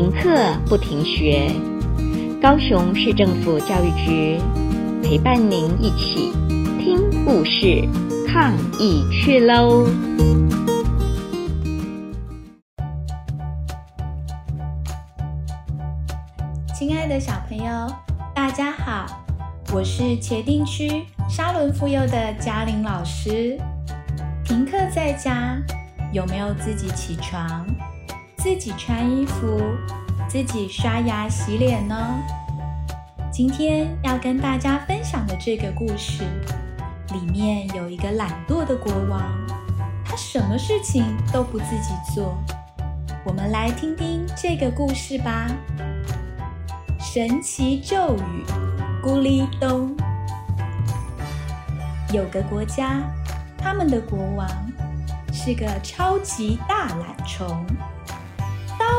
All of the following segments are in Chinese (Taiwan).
停課不停學，高雄市政府教育局陪伴您一起聽故事、抗疫去嘍！親愛的小朋友，大家好，我是茄萣區砂崙附幼的家琳老師。停課在家，有沒有自己起床？自己穿衣服，自己刷牙洗臉呢、哦。今天要跟大家分享的這個故事，裡面有一個懶惰的國王，他什麼事情都不自己做。我們來聽聽這個故事吧。神奇咒語，咕哩咚。有個國家，他們的國王是個超級大懶蟲。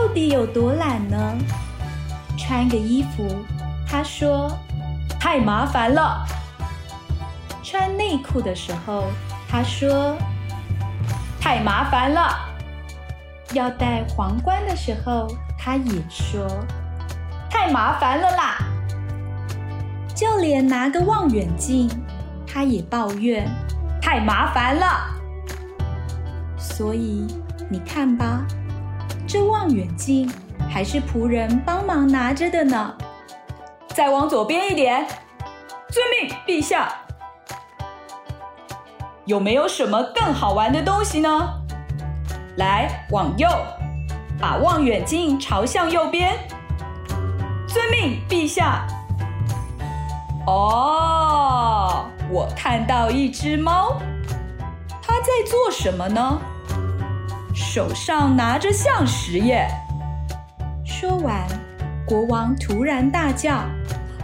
到底有多懶呢？穿個衣服，他說：“太麻煩了。”穿內褲的時候，他說：“太麻煩了。”要戴皇冠的時候，他也說：“太麻煩了啦。”就連拿個望遠鏡，他也抱怨：“太麻煩了。”所以，你看吧。這望遠鏡還是僕人幫忙拿着的呢。再往左邊一點。遵命，陛下。有沒有什麼更好玩的東西呢？來，往右，把望遠鏡朝向右邊。遵命，陛下。哦，我看到一隻貓，它在做什麼呢？手上拿着橡實耶！說完，國王突然大叫：“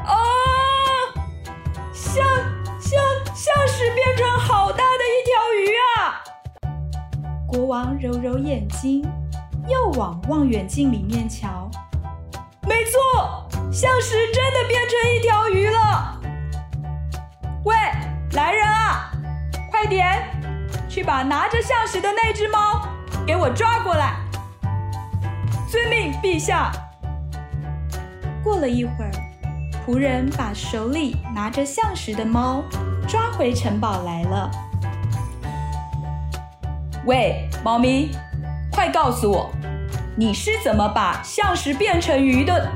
啊！橡橡橡實變成好大的一條魚啊！”國王揉揉眼睛，又往望遠鏡裡面瞧。沒錯，橡實真的變成一條魚了。喂，來人啊，快點，去把拿着橡實的那隻貓。給我抓過來！遵命，陛下。過了一會兒，僕人把手裡拿着橡實的貓抓回城堡來了。喂，貓咪，快告訴我,你是怎麼把橡實變成魚的？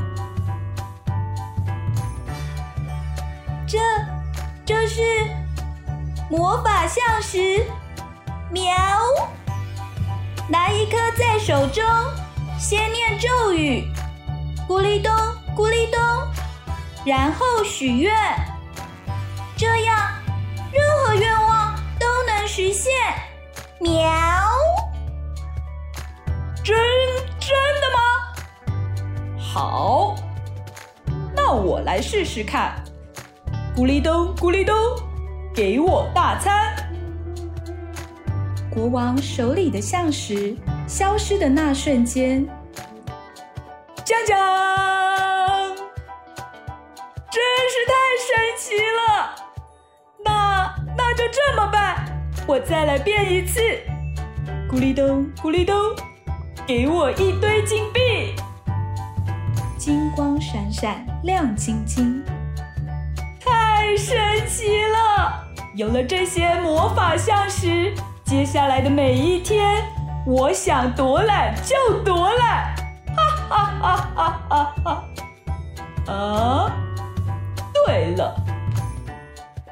這，這是魔法橡實，喵。拿一顆在手中，先念咒語，咕哩咚咕哩咚，然後許願，這樣任何願望都能實現。喵，真真的嗎？好，那我來試試看，咕哩咚咕哩咚，給我大餐。國王手裡的橡實消失的那瞬間，鏘鏘，真是太神奇了！那那就這麼辦，我再來變一次。咕哩咚，咕哩咚，給我一堆金幣，金光閃閃，亮晶晶，太神奇了！有了這些魔法橡實。接下來的每一天，我想多懶就多懶，哈哈哈哈。啊，對了，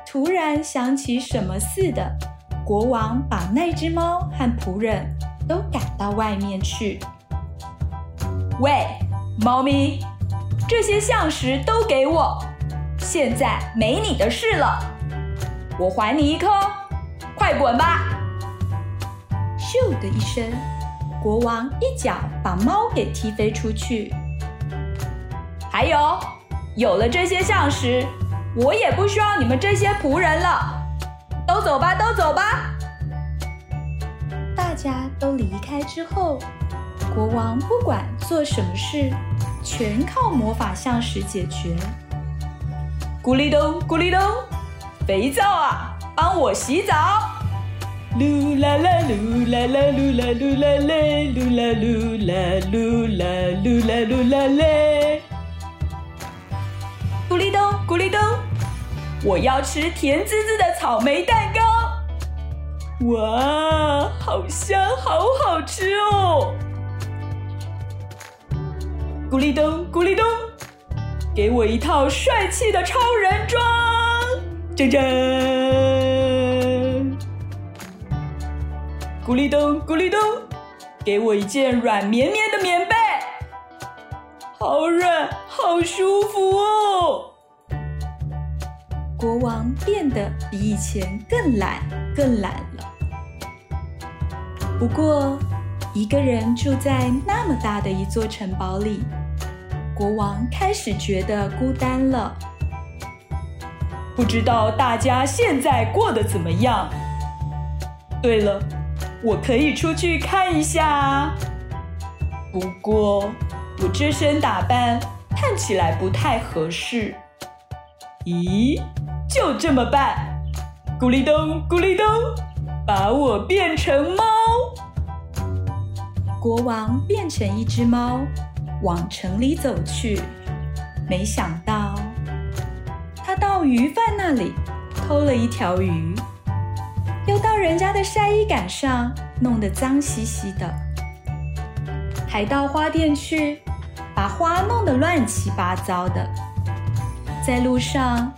突然想起什麼似的，國王把那隻貓和僕人都趕到外面去。喂，貓咪，這些橡實都給我，現在沒你的事了。我還你一顆，快滾吧。咻的一聲，國王一腳把貓給踢飛出去。還有，有了這些橡實，我也不需要你們這些僕人了。都走吧，都走吧。大家都離開之後，國王不管做什麼事，全靠魔法橡實解決。咕哩咚，咕哩咚，肥皂啊，幫我洗澡。嚕啦啦嚕啦啦嚕啦嚕啦嘞，嚕啦嚕啦嚕啦嚕啦嚕啦嘞。咕哩咚，咕哩咚，我要吃甜滋滋的草莓蛋糕，哇，好香，好好吃哦！咕哩咚，咕哩咚，給我一套帥氣的超人裝，錚錚。咕哩咚，咕哩咚，給我一件軟綿綿的棉被，好軟，好舒服哦。國王變得比以前更懶，更懶了。不過，一個人住在那麼大的一座城堡裡，國王開始覺得孤單了。不知道大家現在過得怎麼樣？對了。我可以出去看一下，不過我這身打扮看起來不太合適。咦，就這麼辦！咕哩咚，咕哩咚，把我變成貓。國王變成一隻貓，往城裡走去。沒想到，他到魚販那裡偷了一條魚。又到人家的曬衣桿上弄得髒兮兮的，還到花店去把花弄得亂七八糟的，在路上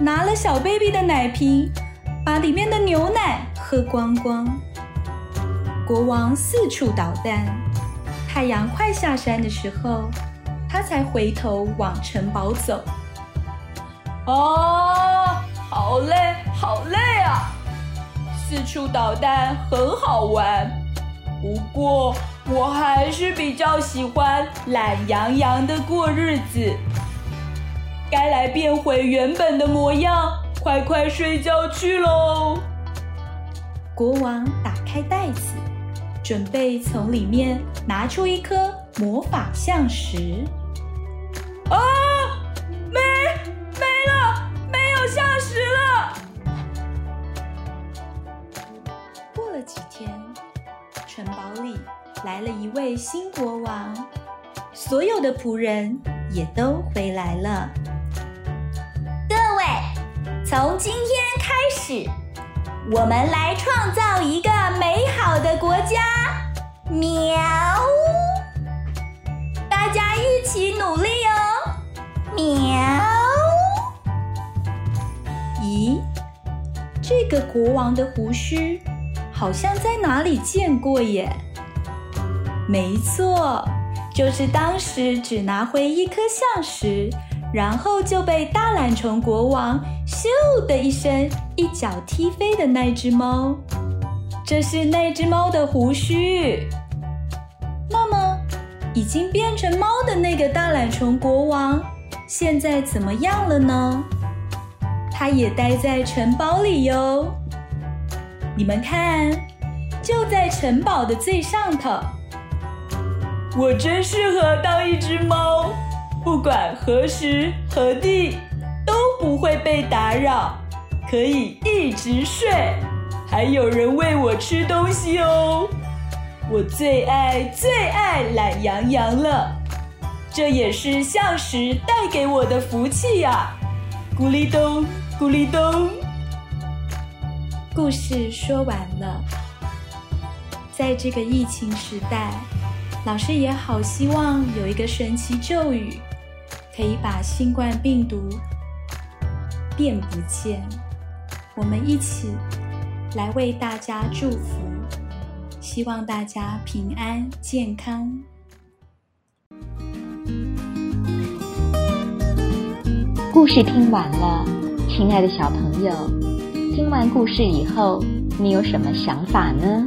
拿了小 baby 的奶瓶，把裡面的牛奶喝光光。國王四處搗蛋，太陽快下山的時候，他才回頭往城堡走。哦，好累，好累啊！四處搗蛋很好玩，不過我還是比較喜歡懶洋洋的過日子。該來變回原本的模樣，快快睡覺去嘍！國王打開袋子，準備從裡面拿出一顆魔法橡實。來了一位新國王，所有的僕人也都回來了。各位，從今天開始，我們來創造一個美好的國家。喵！大家一起努力哦。喵！咦，這個國王的鬍鬚好像在哪裡見過耶？沒錯，就是當時只拿回一顆橡實，然後就被大懶蟲國王“咻”的一聲一腳踢飛的那隻貓。這是那隻貓的鬍鬚。那麼，已經變成貓的那個大懶蟲國王，現在怎麼樣了呢？他也待在城堡裡喲。你們看，就在城堡的最上頭。我真適合當一只貓，不管何時何地都不會被打擾，可以一直睡，還有人餵我吃東西哦。我最愛最愛懶洋洋了，這也是橡實帶給我的福氣呀、啊。咕哩咚，咕哩咚。故事說完了，在這個疫情時代。老師也好，希望有一個神奇咒語，可以把新冠病毒變不見。我們一起來為大家祝福，希望大家平安健康。故事聽完了，親愛的小朋友，聽完故事以後，你有什麼想法呢？